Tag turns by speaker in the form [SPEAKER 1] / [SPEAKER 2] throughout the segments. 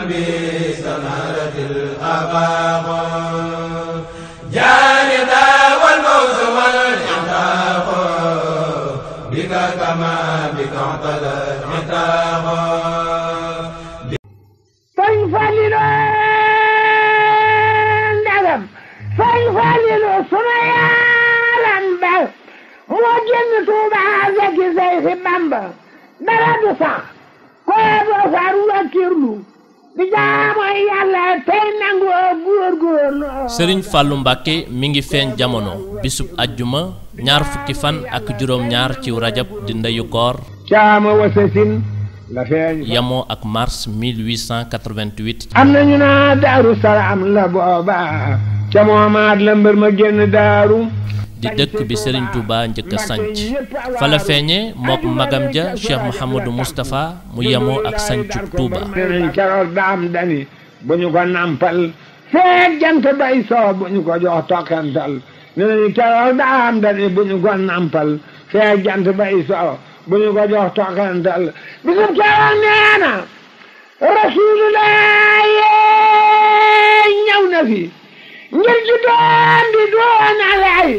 [SPEAKER 1] بثمرة الأباق جاندا والموت والعتاق بك
[SPEAKER 2] كما بك اعتدى العتاق فانفلل الندم فانفلل سميالا بل وجنت بعدك زيت بمبا بلد صح كل صار وكرلو di jaamu yàlla tey sëriñ
[SPEAKER 3] fàllu mbàkke mi ngi feeñ jamono bisub ajjuma ñaar fukki fan ak juróom ñaar ci rajab di ndeyu koor
[SPEAKER 2] caama wasasin
[SPEAKER 3] la yamoo ak mars 1888
[SPEAKER 2] am nañu naa daaru salaam la booba ca moomaat la mbër ma génn daaru
[SPEAKER 3] di dëkk bi Serigne Touba njëkk a sanc feeñe mook magam ja Cheikh Mouhamadou Moustapha mu yemoo ak sancub Touba keroog
[SPEAKER 2] daam dani daam dani bu ñu ko nampal feeg jant bay soo bu ñu ko jox tokkantal bisub keroog nee na rasulullah ñëw na fi ngir di doon di doon alay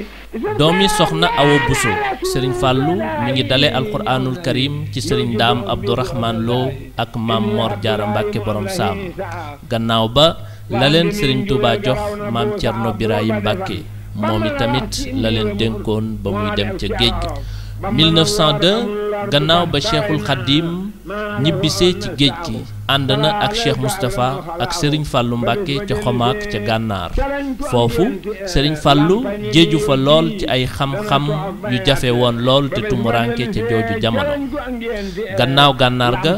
[SPEAKER 3] doomi soxna awa buso sëriñ fàllu mu ngi dale alxuraanul karim ci sëriñ daam abdourahman loo ak maam moor jaara mbàkke boroom saam gannaaw ba la leen sëriñ tuuba jox maam cerno birahim mbàkke moom i tamit la leen dénkoon ba muy dem ca géej 1902 gannaaw ba cheikhul xaddim ñibbise ci géej gi ànd na ak Cheikh Moustapha ak sëriñ Fallou Mbacke ca xomaak ca gànnaar foofu sëriñ Fallou jéeju fa lool ci ay xam-xam yu jafe woon lool te tumuranke ca jooju jamono gannaaw gànnaar ga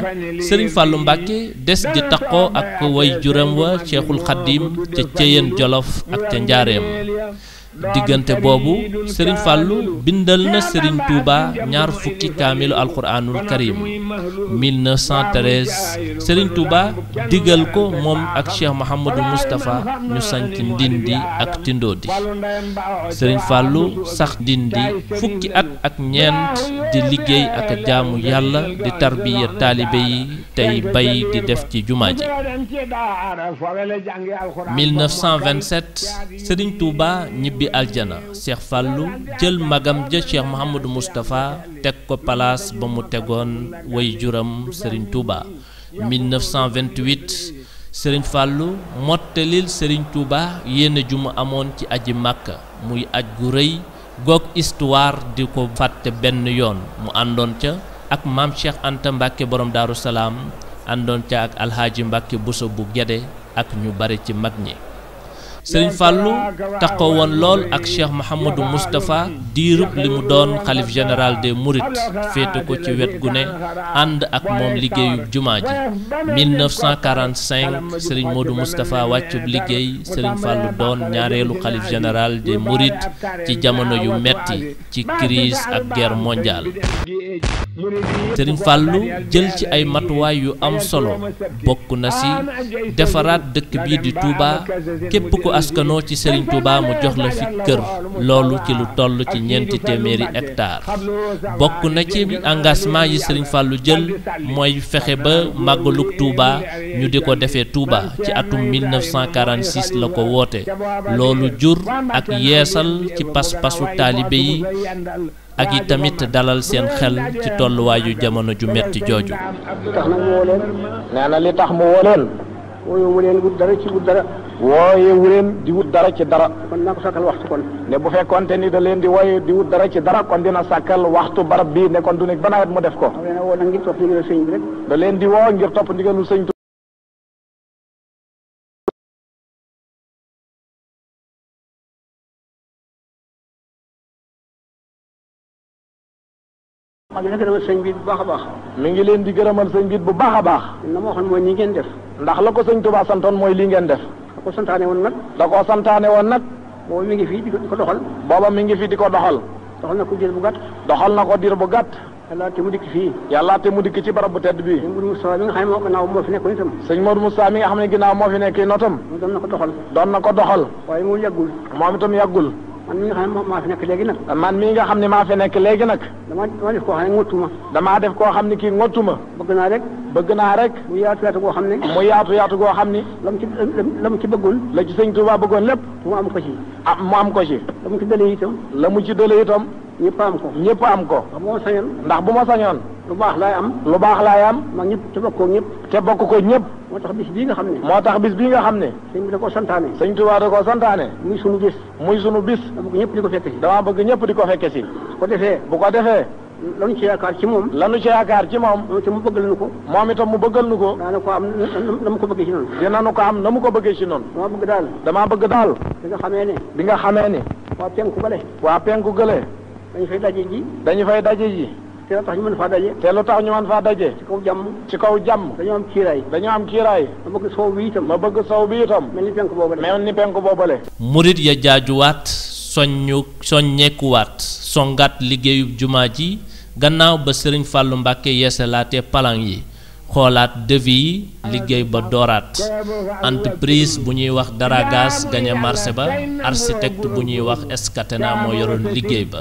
[SPEAKER 3] sëriñ Fallou Mbacke des di taqoo ak way juram wa Cheikhul Khadim ca Céyeen Jolof ak ca Njaareem diggante boobu Serigne Fallou bindal na Serigne Touba ñaar fukki kaamilu alquranul karim 1913 Serigne Touba digal ko moom ak Cheikh Mouhamadou Moustapha ñu sanc Ndindi ak tindoo Tindodi Serigne Fallou sax Ndindi fukki at ak ñeent di liggéey ak jaamu yàlla di tarbiya taalibe yi tey bay di def ci jumaa ji di aljana Cheikh Fallou jël magam ja Cheikh Mouhamadou Moustapha teg ko palaas ba mu tegoon way juram Serigne Touba 1928 Serigne Fallou mottalil sëriñ Touba yéene ju mu amoon ci aji Màkka muy aj gu rëy goog histoire di ko fàtte benn yoon mu àndoon ca ak maam Cheikh Anta Mbacke borom Daaru Salaam àndoon ca ak alxaaji Mbacke Bousso bu Gede ak ñu bare ci mag ñi Serigne Fallou taxaw woon lool ak Cheikh Mouhamadou Moustapha diirub li mu doon xalif général des Mourides féete ko ci wet gu ne ànd ak moom liggéeyub jumaa ji 1945 Serigne Modou Moustapha wàccub liggéey Serigne Fallou doon ñaareelu xalif général des Mourides ci jamono yu metti ci crise ak guerre mondiale.
[SPEAKER 4] Serigne Fallou jël ci
[SPEAKER 3] ay matuwaay yu am solo bokk na si defaraat dëkk bii di Touba képp ko askanoo ci Serigne Touba mu jox la fi kër loolu ci lu toll ci ñeenti téeméeri hectare bokk na ci engagement yi Serigne Fallou jël mooy fexe ba màggalug Touba ñu di ko defee Touba ci atum 1946 la ko woote loolu jur ak yeesal ci pas-pasu taalibe yi ak yi tamit dalal seen xel ci tolluwaayu jamono ju metti jooju.
[SPEAKER 5] wooye wu leen di wut dara ci dara. kon naa ko sàkkal waxtu kon. ne bu fekkonte ni da leen di wooye di wut dara ci dara kon dina sàkkal waxtu barab bii ne kon du nekk ba nawet mu def ko. da leen di woo ngir topp ndigalu sëñ maa ngi leen gërëmal sëñ bi bu baax a baax. mu ngi leen di gërëmal sëñ bi bu baax a baax. na ma waxoon ngeen def. ndax la ko sëñ Tuubaa santoon mooy lii ngeen def. ko santaane woon nag. da koo santaane woon nag. booba mi ngi fii di ko doxal. booba mi ngi di ko doxal. doxal na ko diir bu gàtt. doxal na ko diir bu gat yàlla te mu dikk fii. yàlla te mu dikk ci barab bu tedd bii. sëñ Modou Moustapha mi nga xam ne ginnaaw nga xam ne ginnaaw moo fi nekk notam. doon na ko doxal. doon na ko doxal. waaye moom yàggul. moom itam yàggul. man mii nga xam ne maa fi nekk léegi nag. man mii xam ne maa fi nekk léegi nag. damaa damaa def koo xam ne ngottu ma. damaa def koo xam ne kii ngottu ma. bëgg naa rek. bëgg naa rek. mu yaatu yaatu goo xam ne. mu yaatu yaatu goo xam ni. la mu ci la mu ci bëggoon. la ci sëñ Touba bëggoon lépp. mu am ko ci. ah mu am ko ci. la mu ci dëlee itam. la mu ci dëlee itam. ñëpp am ko. ñëpp am ko. ndax bu ma sañoon. lu baax laay am lu baax laay am mag ñëpp te bokk ko ñëpp te bokk ko ñëpp moo tax bis bii nga xam ne moo tax bis bii nga xam ne sëñ bi da koo santaane sëñ Tuubaa da koo santaane muy sunu bis muy sunu bis dama bëgg ñëpp di ko fekke si dama bëgg ñëpp di ko fekke si su ko defee bu ko defee lanu ci yaakaar ci moom lanu ci yaakaar ci moom mu bëggal nu ko moom itam mu bëggal nu ko daana ko am na mu ko bëggee ci noonu dinanu ko am na mu ko bëggee ci noonu dama bëgg daal damaa bëgg daal bi nga xamee ne bi nga xamee ne waa penku gële waa penku gële dañu fay daje ji dañu fay te lu tax ñu mën faa daje. ci kaw jàmm. ci kaw jàmm. ma bëgg sow bi ma bëgg sow bi itam. ni penk boobale.
[SPEAKER 3] murit ya jaajuwaat soññu soññeekuwaat songaat liggéeyub jumaa ji gannaaw ba sëriñ Fàllu Mbàkke yeesalaatee palang yi xoolaat devis yi liggéey ba dooraat entreprise bu ñuy wax Daragas gañe marché ba architecte bu ñuy wax Escatena moo yoroon liggéey ba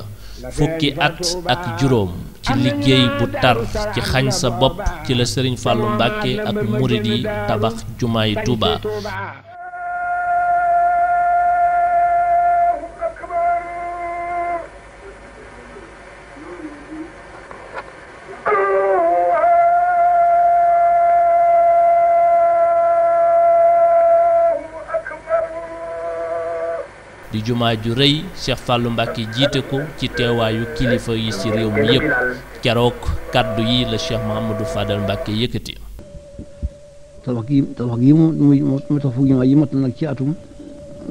[SPEAKER 3] fukki at ak juróom ci liggéey bu tar ci xañ sa bopp ci la sëriñ Fallou mbàkke ak murid yi tabax jumaay Touba. jumaa ju rëy Cheikh Fallou Mbacké jiite ko ci teewaayu kilifa yi ci réew mi yépp keroog kàddu yi la Cheikh Mouhamadou Fadal Mbacké yëkkati. tabax
[SPEAKER 6] gi tabax gi moom mooy tax fu jumaa yi mat nag ci atum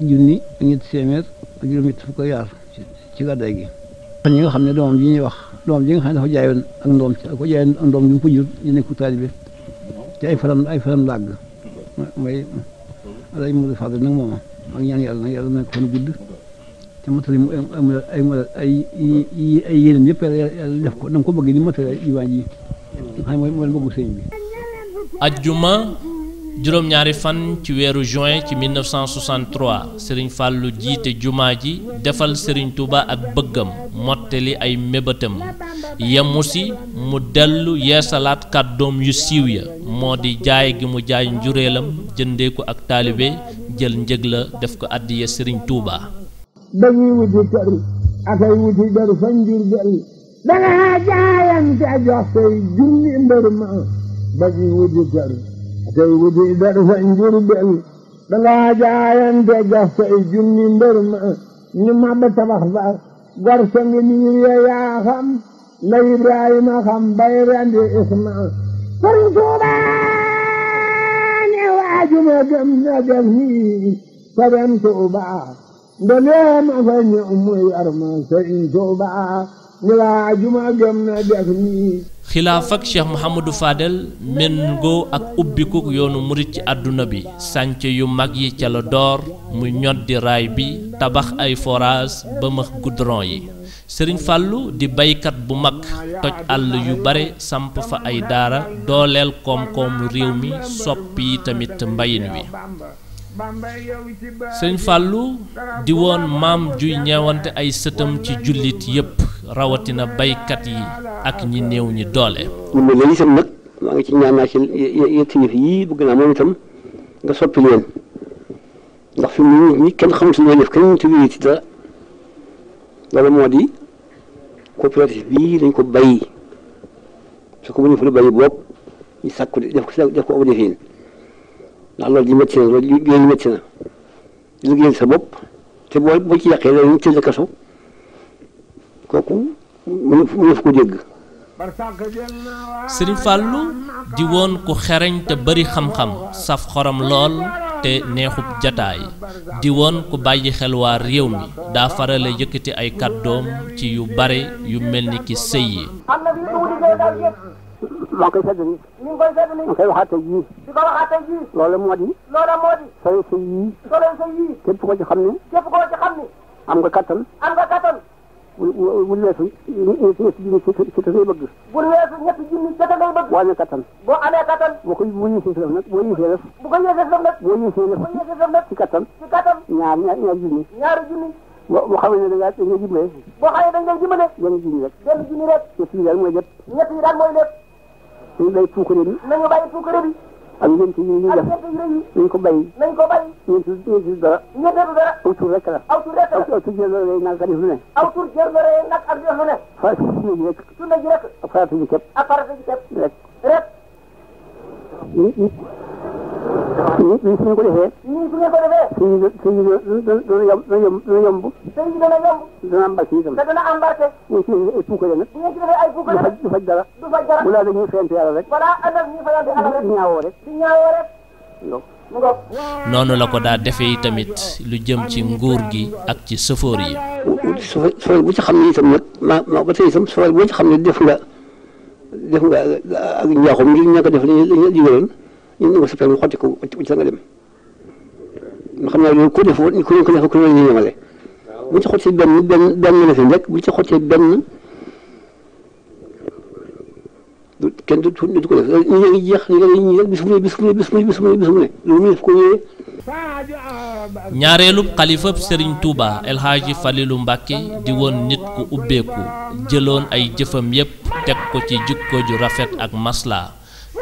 [SPEAKER 6] junni ak ñetti téeméer ak juróom-ñett fukk yaar ci gàddaay gi. ñi nga xam ne doomam ji ñuy wax doomam ji nga xam ne dafa jaayoon ak ndoom ci ko jaayoon ak ndoom bi mu ko jur ñu nekk taalibe te ay faram ay faram làgg mooy Alaaji Mouhamadou Fadal nag moom maa ngi ñaan yàlla yàlla nag kon gudd ko bëgg ni matali diwaan yi xam
[SPEAKER 3] ajjuma juróom-ñaari fan ci weeru juin ci 1963 Serigne Fallou jiite jumaa ji defal sëriñ Touba ak bëggam mottali ay mébétam yemu si mu dellu yeesalaat kàddoom yu siiw ya moo di jaay gi mu jaay njureelam jëndee ak taalibe jël njëg la def ko àddiya sëriñ Touba.
[SPEAKER 2] dañuy wuti wuti der fañ wuti kër akay wuti der fañ jur jaayante jox say junni mbër ma ñu mab tabax ba gor ngi niir ya yaa xam la Ibrahima xam bay rendi Isma sëriñ Touba ajuma gëm na def nii fa dem a fa ñëw muy war ma sëriñ la ajuma gëm na
[SPEAKER 3] xilaaf ak cheikh Mouhamadou Fadel méngoo ak ubbikuk yoonu murit ci àdduna bi sanc yu mag yi ca la door mu ñoddi raay bi tabax ay forage ba max goudron yi sëriñ fàllu di baykat bu mag toj àll yu bare samp fa ay daara dooleel koom-koomu réew mi yi tamit mbayin wi sëñ Fallou di woon maam juy ñeewante ay sëtam ci jullit yépp rawatina baykat yi ak ñi néew ñi doole.
[SPEAKER 6] ñun de léegi itam nag maa ngi ci ñaan naa ci yetti yëf yii bëgg naa moom itam nga soppi leen ndax fi mu ne nii kenn xamul suñu def kenn mënut ci dara loolu moo di coopérative bii dañ ko bàyyi su ko mënee fa lu bàyyi bopp ñu sàkku def ko def ko aw defin ndax loolu
[SPEAKER 3] di di woon ku xereñ te bari xam-xam saf xorom lool te neexub jataay di woon ku bàyyi xel waa réew mi daa farale yëkkati ay kàddoom ci yu bare yu mel ni ki sëy yi
[SPEAKER 7] maa ngi koy seetlu ni. ngi koy seetlu ni. ma koy waxaat tey jii. di ko waxaat tey jii. loola moo di. loola moo di. solo sa yii. solo sa yii. képp koo ci xam ne. képp koo ci xam ne. am nga kattan. am nga kattan. bu bu weesu ñetti junni ci te ngay bëgg. bu weesu ñetti junni te te ngay bëgg. boo amee kattan. boo amee kattan. boo ko boo yéesee def nag boo yéesee def. bu ko yéesee def nag. boo yéesee def. boo yéesee def nag ci kattan. ci kattan. ñaar ñaar ñaar junni. ñaari junni. boo boo xamee ne da ngaa da ngay dimbale. boo xamee dañ lay dimbale. benn junni rek. benn junni rek. ñett yi daal mooy lépp. ñett yi daal mooy lépp. nañu bàyyi puukare bi. nañu bàyyi puukare bi. ak ñeenti yi ñuy def nañ ko bàyyi. nañ ko bàyyi. ñeenti ñeenti dara. ñeenti dara. aw tur rek la. aw tur rek la aw tur jël lore nag ak def lu ne. aw tur jël lore nag ak def lu ne. farata ji rek. sunna ji rek. ak farata ji képp. ak farata ji képp. rek. rek. ko defee. ñu suñu ko yàlla rek. voilà ànd
[SPEAKER 3] noonu la ko daa defee tamit lu jëm ci nguur gi ak ci sëfoor yi.
[SPEAKER 6] sëfoor bu ci xam ne itam nag maa maa ba tey itam sëfoor bu ci xam ne def nga def nga ak njaaxum li ñu nekk def li ñu digaloon ñu nangu sa permis xotti ko uti la nga dem ma xam ko def jeex ñu ngi jeex bis mu ne bis mu ne bis loolu mu def ko ñëwee
[SPEAKER 3] ñaareelub xalifab sëriñ Touba El Falilu Mbàkke di woon nit ku ubbeeku jëloon ay jëfam yépp teg ko ci jikko ju rafet ak maslaa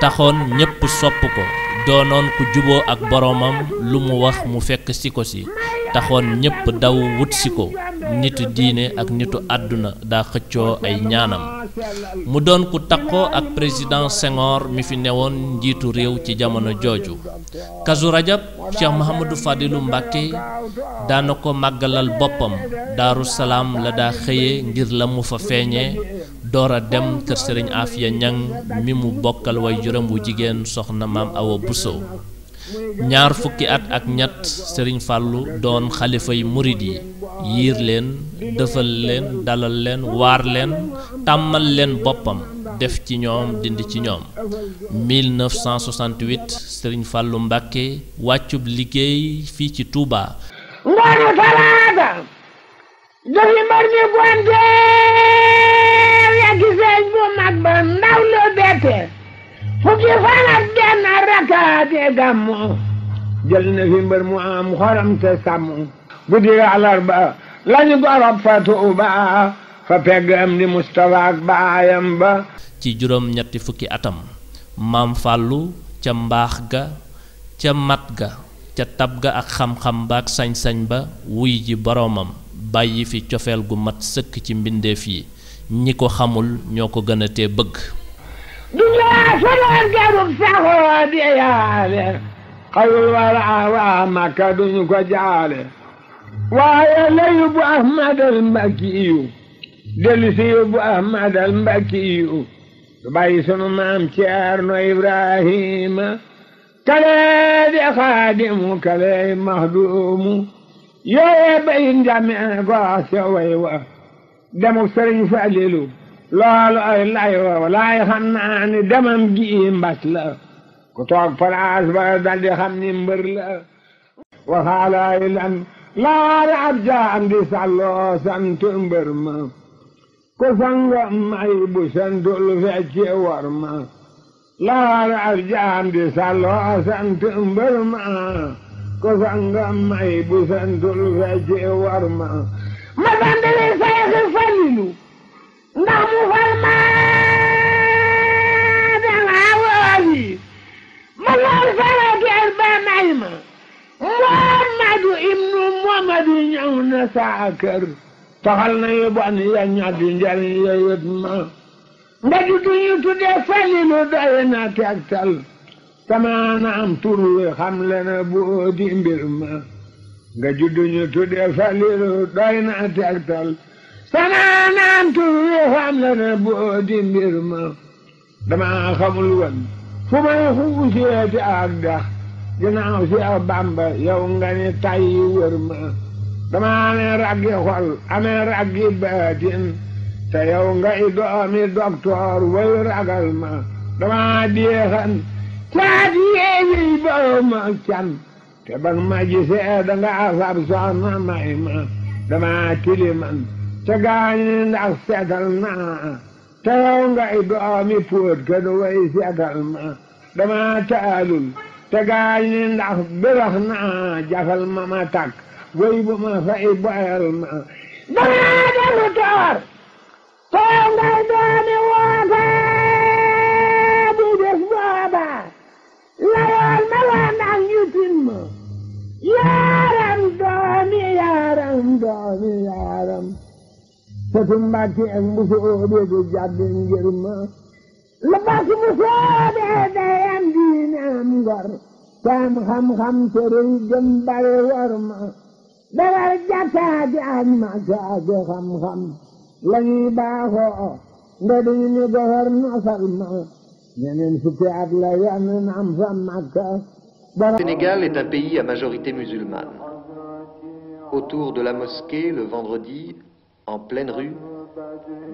[SPEAKER 3] taxoon ñépp sopp ko doonoon ku juboo ak boroomam lu mu wax mu fekk si ko si taxoon ñépp daw wut si ko nitu diine ak nitu àdduna daa xëccoo ay ñaanam mu doon ku takkoo ak président Senghor mi fi newoon njiitu réew ci jamono jooju Kazu Rajab Cheikh Mouhamadou Fadilu Mbàkke daana ko màggalal boppam Daaru Salaam la daa xëye ngir la mu fa feeñee doora a dem kër sëriñ Afia Ñang mi mu bokkal way juróom bu jigéen soxna maam Awa Buso ñaar fukki at ak ñett sëriñ Fàllu doon xalifa yi murit yi yiir leen dëfal leen dalal leen waar leen tàmmal leen boppam def ci ñoom dindi ci ñoom 1968 sëriñ Fàllu Mbàkke wàccub liggéey fii ci tuubaa
[SPEAKER 2] ngoonu talaata dafi mbar mi gonte bu mag fukki fan ak benn rakaate gàmmu jël na fi mbër mu am xoram te sàmm guddi àllarba lañu gorob fa Tuuba fa pegg am di Mustafa baayam ba
[SPEAKER 3] ci juróom ñetti fukki atam maam fàllu ca mbaax ga ca mat ga ca tab ga ak xam-xam ba sañ-sañ ba wuy ji boroomam bàyyi fi cofeel gu mat sëkk ci mbindéef yi ñi ko xamul ñoo ko gën a tee bëgg
[SPEAKER 2] duma sodoon garub saxoo di yaale xayul wara waa màkka duñu ko jaale waaye layu bu ahmadal mbakki yu dellu si bu ahmadal mbakki yu du sunu maam ceerno ibrahima kalee xaadimu kalee mahduumu yooye bayin jamee ko sewoy wa demu sëriñ Faliilu loolu ay lay walaay xam naa ni demam gi mbas la ku toog palaas ba daldi xam ni mbër la waxaalaay lan lawaari ab jaam di sàlloo santu mbër ma ku sanga may bu santul fecce war ma lawaari ab jaam di sàlloo santu mbër ma ku sanga may bu santul fecce war ma
[SPEAKER 4] ma bandele sayxi
[SPEAKER 2] falilu ndax mu fal maa danga wali ma lool sarati albanay ma muhammadu ibnu muhammadu ñëw na saa kër taxal na yu bon ya ñatti njariñ ya yët ma nga tuddu ñu tudde falilu doy na tegtal sama na am tur wi xam le na boo di ma nga juddu ñu tuddee doy na tegtal sanaanaan tuuti xam la ne boo di mbir ma dama xamul woon fu may xuusee ci ak dax ginnaaw si ak Bàmba yow nga ni tay wër ma dama amee raggi xol amee raggi baatin te yow nga i doomi doktoor way ragal ma dama diexan caat yeeyi boo ma can te ba nga ma gisee da nga asab soxna may ma dama tiliman ca gaañi ndax seetal naa te yow ngay doomi póot ke du way seetal ma dama taalul te gaañi ndax birax naa jafal ma ma takk way bu ma fay boyal ma dama delu toor te yow ngay doomi doomi yaaram sëtu Mbàkke ak Mbusoobe du jàddu ngir ma la Mbàkke Mbusoobe day am diine am ngor te am xam-xam te rëy gëm bare war ma dawar jàkkaa di aj makaa di xam-xam la ñuy baaxoo nga duñu ñu gofar nosal ma ñeneen fukki at la yenn am fa Makka
[SPEAKER 8] Sénégal est un pays à majorité musulmane autour de la mosquée le vendredi, en pleine rue,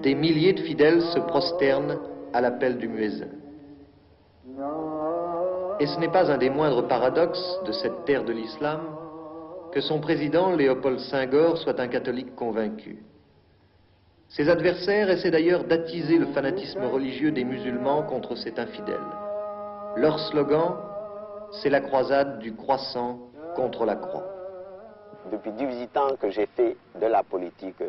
[SPEAKER 8] des milliers de fidèles se prosternent à l'appel du muezzin. Et ce n'est pas un des moindres paradoxes de cette terre de l'islam que son président Léopold Senghor soit un catholique convaincu. Ses adversaires essaient d'ailleurs d'attiser le fanatisme religieux des musulmans contre cet infidèle. Leur slogan, c'est la croisade du croissant contre la croix. depuis 18 ans que j'ai fait de
[SPEAKER 9] la politique,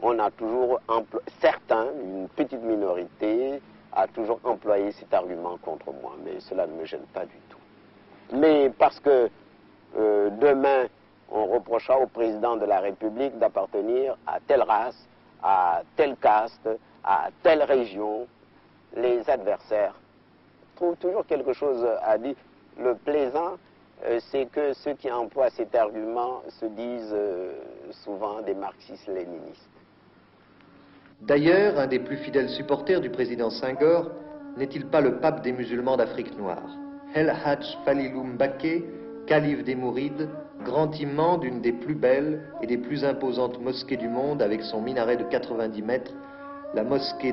[SPEAKER 9] on a toujours employé, certains, une petite minorité, a toujours employé cet argument contre moi, mais cela ne me gêne pas du tout. Mais parce que euh, demain, on reprochera au président de la République d'appartenir à telle race, à telle caste, à telle région, les adversaires toujours quelque chose à dire. Le plaisant Euh, c'est que ceux qui emploient cet argument se disent euh, souvent des
[SPEAKER 8] marxistes-léninistes. D'ailleurs, un des plus fidèles supporters du président Senghor n'est-il pas des musulmans d'Afrique noire El Hadj Faliloum Baké, calife des Mourides, grand imam de la mosquée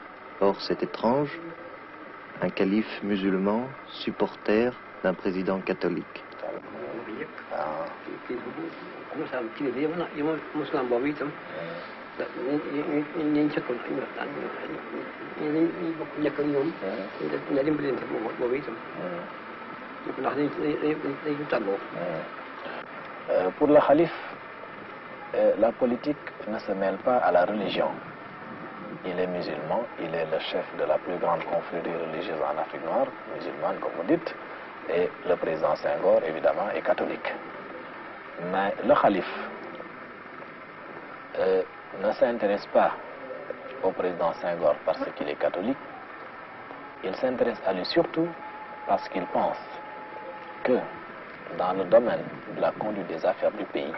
[SPEAKER 8] Or, c'est étrange, un calife musulman, supporter d'un président catholique.
[SPEAKER 9] Euh, pour le calife, euh, la politique ne se mêle pas à la religion. il est musulman, il est le chef de la plus grande confrérie religieuse en Afrique noire, musulmane comme vous dites, et le président Senghor, évidemment, est catholique. Mais le calife euh, ne s'intéresse pas au président Senghor parce qu'il est catholique, il s'intéresse à lui surtout parce qu'il pense que dans le domaine de la conduite des affaires du pays,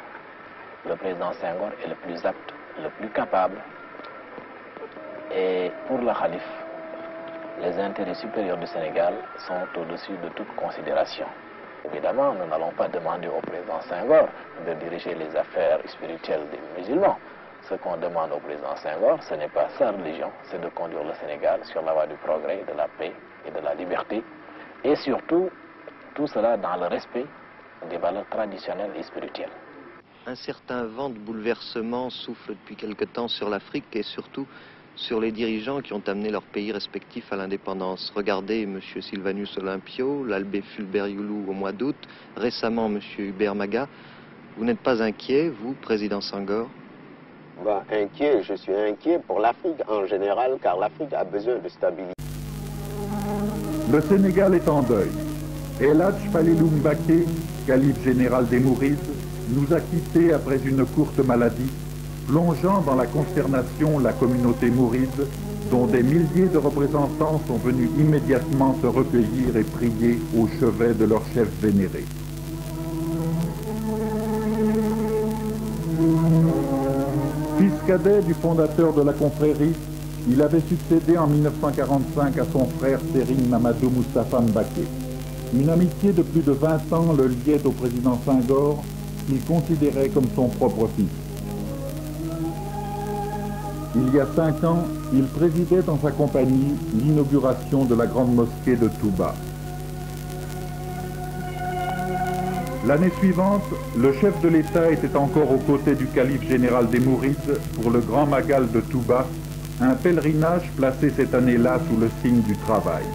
[SPEAKER 9] le président Senghor est le plus apte, le plus capable Et pour la Khalif, les intérêts supérieurs du Sénégal sont au-dessus de toute considération. Évidemment, nous n'allons pas demander au président Senghor de diriger les affaires spirituelles des musulmans. Ce qu'on demande au président Senghor, ce n'est pas sa religion, c'est de conduire le Sénégal sur la voie du progrès, de la paix et de la liberté. Et surtout, tout cela dans le respect des valeurs traditionnelles et spirituelles.
[SPEAKER 8] Un certain vent de bouleversement surtout sur les dirigeants qui ont amené leurs pays respectifs à l'indépendance. Regardez M. Sylvanus Olympio, l'Albé Fulbert Youlou au mois d'août, récemment M. Hubert Maga. Vous n'êtes pas inquiet, vous, président Sangor
[SPEAKER 9] Inquiet, je suis inquiet pour l'Afrique en général, car l'Afrique a besoin de stabilité.
[SPEAKER 4] Le Sénégal est en deuil. Eladj Palilou Mbaké, calife général des Mourides, nous a quittés après une courte maladie plongeant dans la consternation la communauté mouride, dont des milliers de représentants sont venus immédiatement se recueillir et prier au chevet de leur chef vénéré. Fils cadet du fondateur de la confrérie, il avait succédé en 1945 à son frère Sérine Mamadou Moustapha Mbaké. Une amitié de plus de 20 ans le liait au président Senghor, qu'il considérait comme son propre fils. il y a cinq ans, il présidait en sa compagnie l'inauguration de la grande mosquée de Touba. L'année suivante, le chef de l'État était encore aux côtés du calife général des Mourides pour le Grand Magal de Touba, un pèlerinage placé cette année-là sous le signe du travail.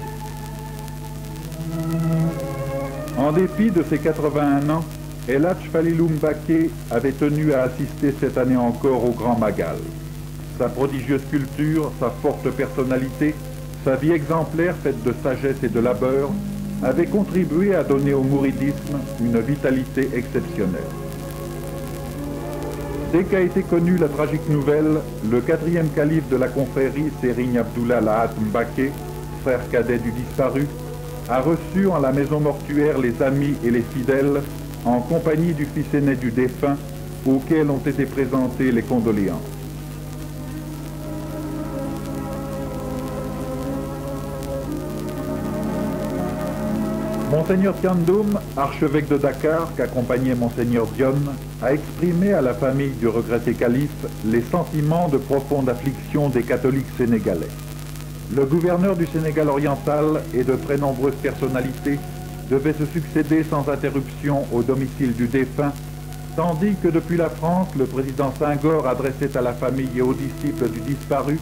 [SPEAKER 4] En dépit de ses 81 ans, El Hadj Falilou avait tenu à assister cette année encore au Grand Magal. sa prodigieuse culture, sa forte personnalité, sa vie exemplaire faite de sagesse et de labeur, avait contribué à donner au mouridisme une vitalité exceptionnelle. Dès qu'a été connue la tragique nouvelle, le quatrième calife de la confrérie, Sérigne Abdullah Lahat Mbake, frère cadet du disparu, a reçu en la maison mortuaire les amis et les fidèles en compagnie du fils aîné du défunt auquel ont été présentées les condoléances. Monseigneur Diandoum, archevêque de Dakar, qu'accompagnait Monseigneur Diom, a exprimé à la famille du regretté calife les sentiments de profonde affliction des catholiques sénégalais. Le gouverneur du Sénégal oriental et de très nombreuses personnalités devaient se succéder sans interruption au domicile du défunt, tandis que depuis la France, le président Senghor adressait à la famille et aux disciples du disparu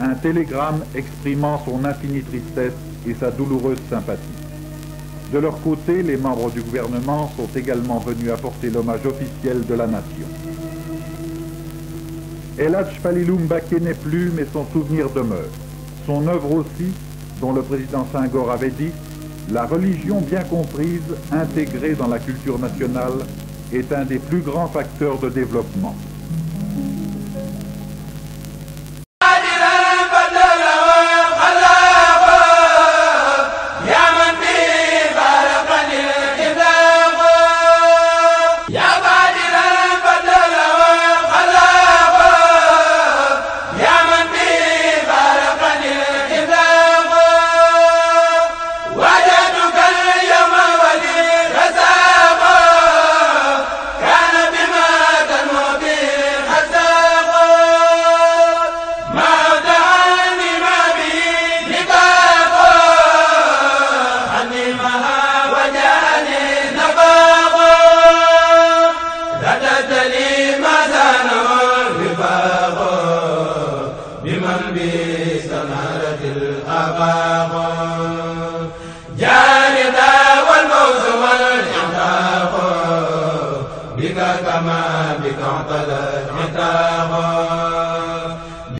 [SPEAKER 4] un télégramme exprimant son infinie tristesse et sa De leur côté, les membres du gouvernement sont également venus apporter l'hommage officiel de la nation. Eladj Paliloum Baké n'est plus, mais son souvenir demeure. Son œuvre aussi, dont le président Senghor avait dit La religion bien comprise, intégrée dans la culture nationale, est un des plus grands facteurs de développement.